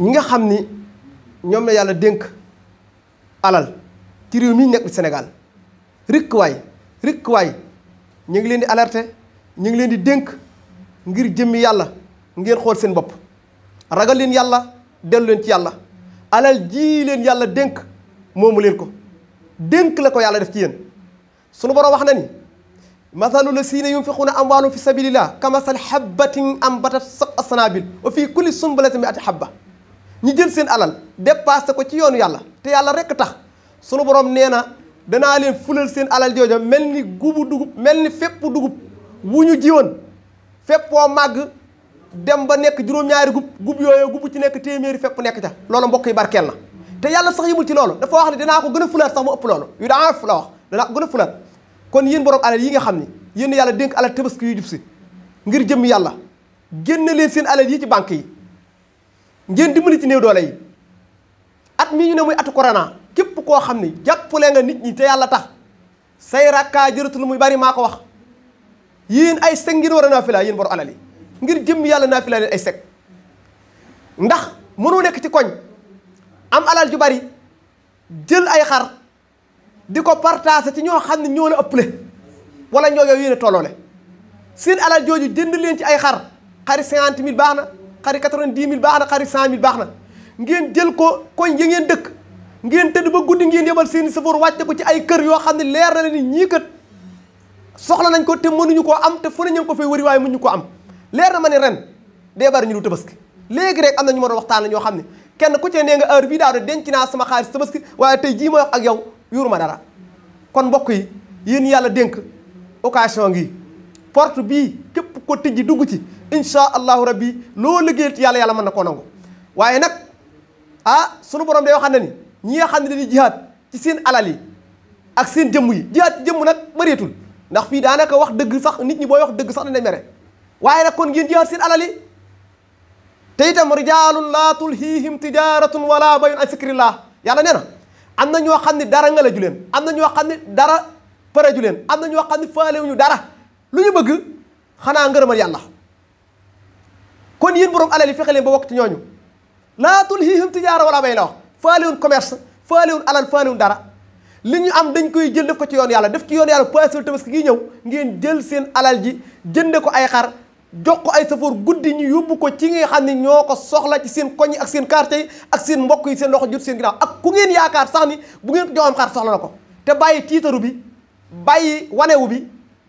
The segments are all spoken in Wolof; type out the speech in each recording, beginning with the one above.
ñi nga xam ni ñoom la yàlla dénk alal ci réew mi nekk Sénégal rikk waay rikk waay ñu ngi leen di alerter ñu ngi leen di dénk ngir jëmmi yàlla ngeen xool seen bopp ragal leen yàlla dellu leen ci yàlla alal jii leen yàlla denk moomu leen ko denk la ko yàlla def ci yéen sunu borom wax na ni mathalu lasina yunfiquuna amwaalum fi sabilillah kamasal habbatin ambatat sab asanabil wa fii kulli sumbulatin mi'ati habba ñi jël seen alal dépassé ko ci yoonu yàlla te yàlla rekk tax sunu borom nee na danaa leen fulal seen alal jooja mel ni gubu dugub mel ni fépp dugub wu ñu jiwoon féppoo màgg dem ba nekk juróom-ñaari gub gub yooyu gubu ci nekk téeméeri fépp nekk ca loolu mbokk yi barkeel na te yàlla sax yimul ci loolu dafa wax ne danaa ko gën a fulaat sax mu ëpp loolu yu daa la wax danaa ko gën a fulaat kon yéen borom alal yi nga xam ni yéen yàlla dénk alal tabaski yu jub si ngir jëm yàlla génn leen seen alal yi ci banque yi ngeen dimbali ci néew doole yi at mii ñu ne muy atu corona képp koo xam ni jàppale nga nit ñi te yàlla tax say rakkaa jëratul muy bari maa ko wax yéen ay seg ngeen war a naafila yéen boru alal yi ngir jëmm yàlla naafila leen ay seg ndax mënoo nekk ci koñ am alal ju bari jël ay xar di ko partager ci ñoo xam ne ñoo la ëpple wala ñoo yow yéen a tolloole seen alal jooju jënd leen ci ay xar xari cinquante mille baax na xari quatre-vingt-dix mille baax na xari cent mille baax na ngeen jël ko koñ ya ngeen dëkk ngeen tëdd ba guddi ngeen yebal seeni safoor wàcce ko ci ay kër yoo xam ne leer na leen ni ñii kat soxla nañ ko te ñu ko am te fu ne ko fay wëri waaye ñu ko am leer na ma ne ren dee bari ñu lu tabaski léegi rek am na ñu mën a waxtaan la ñoo xam ne kenn ku ci nee nga heure bii daaw de denc naa sama xaalis tabaski waaye tey jii ma wax ak yo yuruma dara kon mbokk yi yéen yàlla dénk occasion ngi ko tijji dugg ci insha allahu rabbi loo liggéeyal yàlla yàlla mën na ko nangu waaye nag ah sunu borom day waxam ne ni ñi nga xam ne jihaat ci seen alal yi ak seen jëmm yi jihaat ci jëmm nag bëreetul ndax fii daanaka wax dëgg sax nit ñi booy wax dëgg sax dana mere waaye nag kon ngeen jihaat seen alal yi te itam rijaalun laa tulhiihim tijaaratun wala bayun an zikrillah yàlla nee am na ñoo xam ne dara nga la ju leen am na ñoo xam ne dara pare ju leen am na ñoo xam ne faale wuñu dara lu bëgg xanaa ngërëmal yàlla kon yéen borom alal yi fexe leen ba wokk ci ñooñu laa tulhiihim tijaara wala bay la wax faalewun commerce faalewun alal faalewun dara li ñu am dañ koy jël def ko ci yoon yàlla def ci yoon yàlla pasel tabaski gi ñëw ngeen jël seen alal ji jënde ko ay xar jox ko ay safoor guddi ñu yóbbu ko ci nga xam ne ñoo ko soxla ci seen koñ ak seen quartier yi ak seen mbokk yi seen loxo jot seen ginnaaw ak ku ngeen yaakaar sax ni bu ngeen ko joxam xar na ko te bàyyi tiitaru bi bàyyi wanewu bi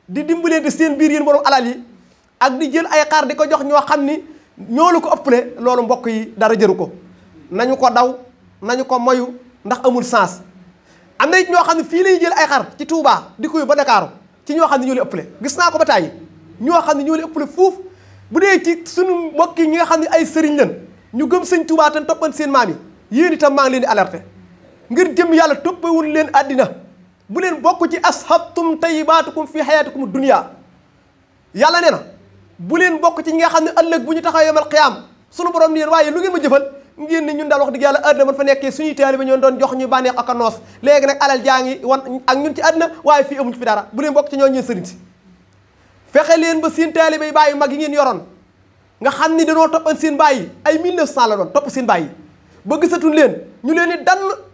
di dimbalee di seen biir yéen borom alal yi ak di jël ay xar di ko jox ñoo xam ni ñoo la ko ëppale loolu mbokk yi dara jëru ko nañu ko daw nañu ko moyu ndax amul sens am na it ñoo xam ne fii lañu jël ay xar ci tuubaa di koy yóbbu ba Dakar ci ñoo xam ne ñoo la ëppale gis naa ko ba tàyyi ñoo xam ne ñoo la ëppale fuuf bu dee ci suñu mbokk yi ñi nga xam ne ay sëriñ lan ñu gëm sëñ Touba te toppan seen maam yi yéen itam maa leen di alerté ngir jëm yàlla toppawul leen àddina bu leen bokk ci as baatu ashabtum tayibaatukum fi xayaatikum dunia yàlla nee na bu leen bokk ci ñi nga xam ne ëllëg bu ñu taxaw yomal xiyaam sunu borom nii waaye lu ngeen ma jëfal ngeen ni ñun daal wax dëgg yàlla àddina man nekkee suñuy taalibe ñoon doon jox ñu a noos léegi nag alal jaa ngi wan ak ñun ci àddina waaye fii amuñ fi dara bu leen bokk ci ñoo ñeen sëriñ si fexe leen ba seen taalibe yi bàyyi mag yi ngeen yoroon nga xam ni dañoo toppoon seen bàyyi ay 1900 la doon topp seen bàyyi ba gisatuñ leen ñu leen ni dall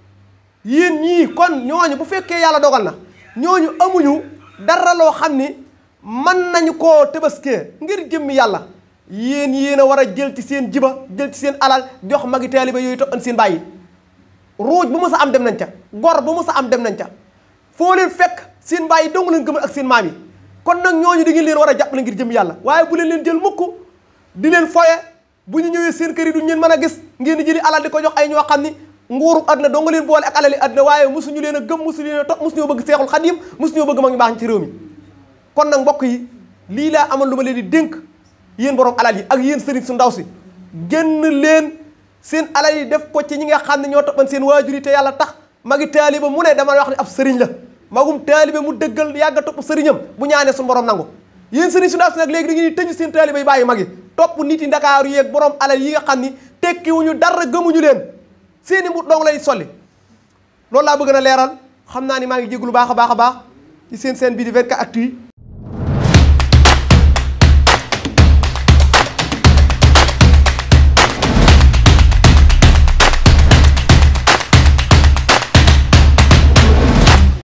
yéen ñii kon ñooñu bu fekkee yàlla dogal na ñooñu amuñu dara loo xam ni man nañu koo tëbaskee ngir jëmmi yàlla yéen yéen a war a jël ci seen jiba jël ci seen alal jox magi taaliba yooyu topp seen bàyyi ruuj bu mësa am dem nañ ca gor bu mu mësa am dem nañ ca foo leen fekk seen bàyyi dong leen gëmal ak seen maam yi kon nag ñooñu da ngeen leen war a jàppale ngir jëmmi yàlla waaye bu leen leen jël mukk di leen foye bu ñu ñëwee seen kër yi duñ leen mën a gis ngeen di jëli alal di ko jox ay ñoo xam ni nguuru àdduna doo nga leen boole ak alali àdduna waaye mosuñu leen a gëm mosu leen a topp mosuñoo bëgg seexul xadim mosuñoo bëgg a ñu baax ci réew mi kon nag mbokk yi lii laa amal lu leen di dénk yéen borom alal yi ak yéen sëriñ su ndaw si génn leen seen alal yi def ko ci ñi nga xam ne ñoo toppan seen waajur yi yàlla tax magi taaliba mu ne dama wax ne ab sëriñ la magum taaliba mu dëggal yàgg a topp sëriñam bu ñaanee suñu borom nangu yéen sëriñ su ndaw si léegi da ngeen di tëñ seen taaliba yi bàyyi magi topp nit yi ndakaaru yeeg borom alal yi nga xam ni tekkiwuñu dara gëmuñu leen seeni mbut dong lay solli loolu laa bëgg na leeral xam naa ni maa ngi jéglu baax a baax a baax ci seen seen bii di 24actu yi